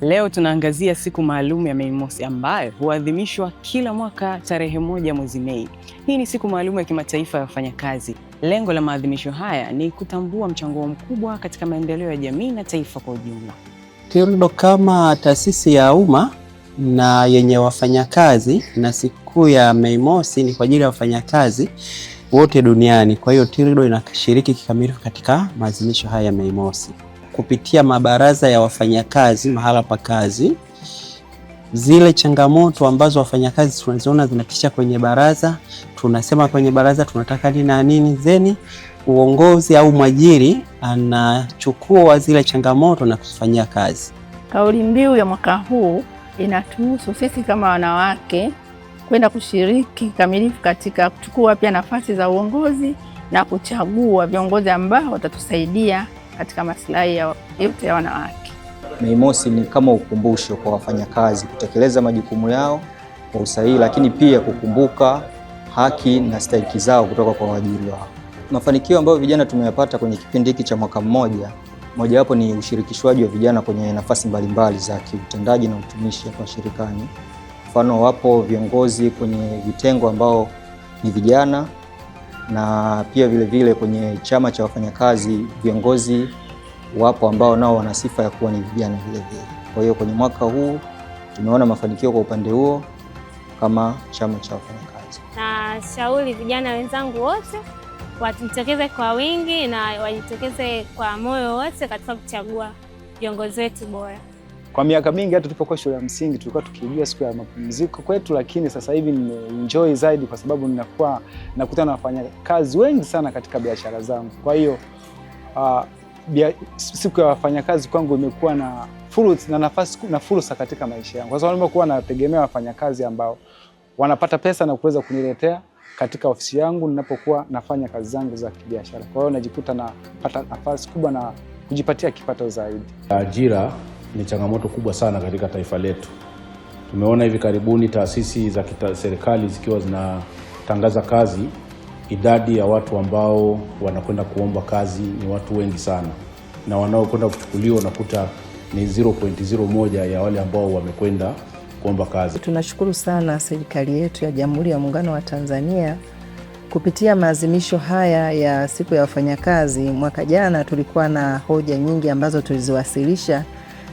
Leo tunaangazia siku maalum ya Mei Mosi ambayo huadhimishwa kila mwaka tarehe moja mwezi Mei. Hii ni siku maalum ya kimataifa ya wafanyakazi. Lengo la maadhimisho haya ni kutambua mchango mkubwa katika maendeleo ya jamii na taifa kwa ujumla. TIRLO kama taasisi ya umma na yenye wafanyakazi, na siku ya Mei Mosi ni kwa ajili ya wafanyakazi wote duniani. Kwa hiyo TIRLO inashiriki kikamilifu katika maadhimisho haya ya Mei Mosi kupitia mabaraza ya wafanyakazi mahala pa kazi, zile changamoto ambazo wafanyakazi tunaziona zinatisha kwenye baraza, tunasema kwenye baraza tunataka nini na nini, zeni uongozi au mwajiri anachukua zile changamoto na kufanyia kazi. Kauli mbiu ya mwaka huu inatuhusu sisi kama wanawake kwenda kushiriki kikamilifu katika kuchukua pia nafasi za uongozi na kuchagua viongozi ambao watatusaidia katika maslahi ya yote ya wanawake. Mei Mosi ni kama ukumbusho kwa wafanyakazi kutekeleza majukumu yao kwa usahihi, lakini pia kukumbuka haki na stahiki zao kutoka kwa waajiri wao. Mafanikio ambayo vijana tumeyapata kwenye kipindi hiki cha mwaka mmoja, mojawapo ni ushirikishwaji wa vijana kwenye nafasi mbalimbali za kiutendaji na utumishi hapa shirikani. Mfano, wapo viongozi kwenye vitengo ambao ni vijana na pia vilevile vile kwenye chama cha wafanyakazi viongozi wapo ambao nao wana sifa ya kuwa ni vijana vilevile. Kwa hiyo kwenye mwaka huu tumeona mafanikio kwa upande huo kama chama cha wafanyakazi. shauri vijana wenzangu wote wajitokeze kwa wingi na wajitokeze kwa moyo wote katika kuchagua viongozi wetu bora. Kwa miaka mingi hata tulipokuwa shule ya msingi tulikuwa tukijua siku ya mapumziko kwetu, lakini sasa hivi nimeenjoy zaidi kwa sababu ninakuwa nakutana na wafanyakazi wengi sana katika biashara zangu. Kwa hiyo uh, bia, siku ya wafanyakazi kwangu imekuwa na fursa na nafasi na fursa katika maisha yangu, kwa sababu nimekuwa nategemea wafanyakazi ambao wanapata pesa na kuweza kuniletea katika ofisi yangu ninapokuwa nafanya kazi zangu za kibiashara. Kwa hiyo najikuta napata nafasi kubwa na kujipatia kipato zaidi. Ajira ni changamoto kubwa sana katika taifa letu. Tumeona hivi karibuni taasisi za serikali zikiwa zinatangaza kazi, idadi ya watu ambao wanakwenda kuomba kazi ni watu wengi sana, na wanaokwenda kuchukuliwa unakuta ni 0.01 ya wale ambao wamekwenda kuomba kazi. Tunashukuru sana serikali yetu ya Jamhuri ya Muungano wa Tanzania kupitia maazimisho haya ya siku ya wafanyakazi. Mwaka jana tulikuwa na hoja nyingi ambazo tuliziwasilisha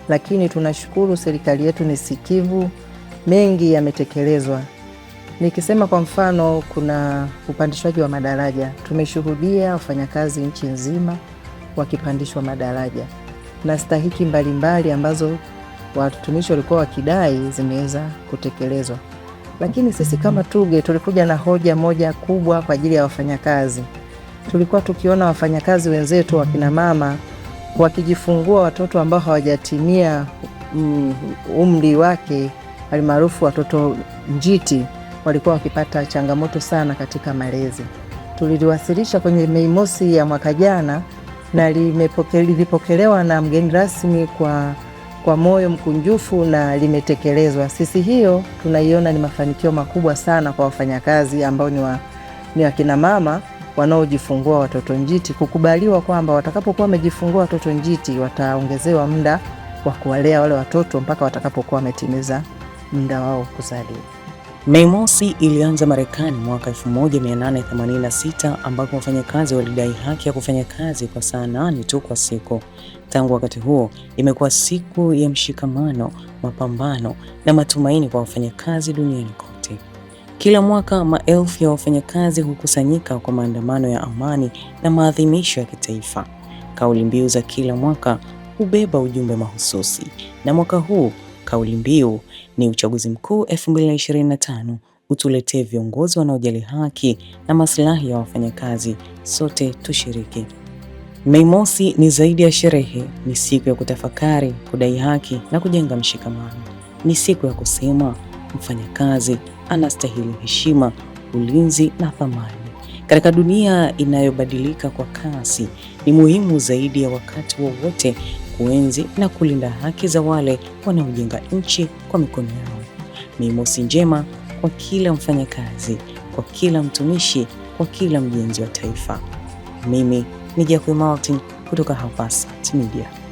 lakini tunashukuru serikali yetu ni sikivu, mengi yametekelezwa. Nikisema kwa mfano, kuna upandishwaji wa madaraja. Tumeshuhudia wafanyakazi nchi nzima wakipandishwa madaraja na stahiki mbalimbali mbali ambazo watumishi walikuwa wakidai zimeweza kutekelezwa. Lakini sisi kama TUGHE tulikuja na hoja moja kubwa kwa ajili ya wafanyakazi. Tulikuwa tukiona wafanyakazi wenzetu wakinamama wakijifungua watoto ambao hawajatimia mm, umri wake alimaarufu watoto njiti walikuwa wakipata changamoto sana katika malezi. Tuliliwasilisha kwenye Mei Mosi ya mwaka jana na lilipokelewa na mgeni rasmi kwa, kwa moyo mkunjufu na limetekelezwa. Sisi hiyo tunaiona ni mafanikio makubwa sana kwa wafanyakazi ambao ni wakinamama wanaojifungua watoto njiti kukubaliwa kwamba watakapokuwa wamejifungua watoto njiti wataongezewa muda wa kuwalea wale watoto mpaka watakapokuwa wametimiza muda wao kuzaliwa. Mei Mosi ilianza Marekani mwaka 1886 ambapo wafanyakazi walidai haki ya kufanya kazi kwa saa nane tu kwa siku. Tangu wakati huo imekuwa siku ya mshikamano, mapambano na matumaini kwa wafanyakazi duniani kote. Kila mwaka maelfu ya wafanyakazi hukusanyika kwa maandamano ya amani na maadhimisho ya kitaifa. Kauli mbiu za kila mwaka hubeba ujumbe mahususi, na mwaka huu kauli mbiu ni uchaguzi mkuu 2025 utuletee viongozi wanaojali haki na maslahi ya wafanyakazi, sote tushiriki. Mei Mosi ni zaidi ya sherehe, ni siku ya kutafakari, kudai haki na kujenga mshikamano. Ni siku ya kusema mfanyakazi anastahili heshima, ulinzi na thamani. Katika dunia inayobadilika kwa kasi, ni muhimu zaidi ya wakati wowote wa kuenzi na kulinda haki za wale wanaojenga nchi kwa mikono yao. Mei Mosi njema kwa kila mfanyakazi, kwa kila mtumishi, kwa kila mjenzi wa taifa. Mimi ni Jacque Martin kutoka hapa Media.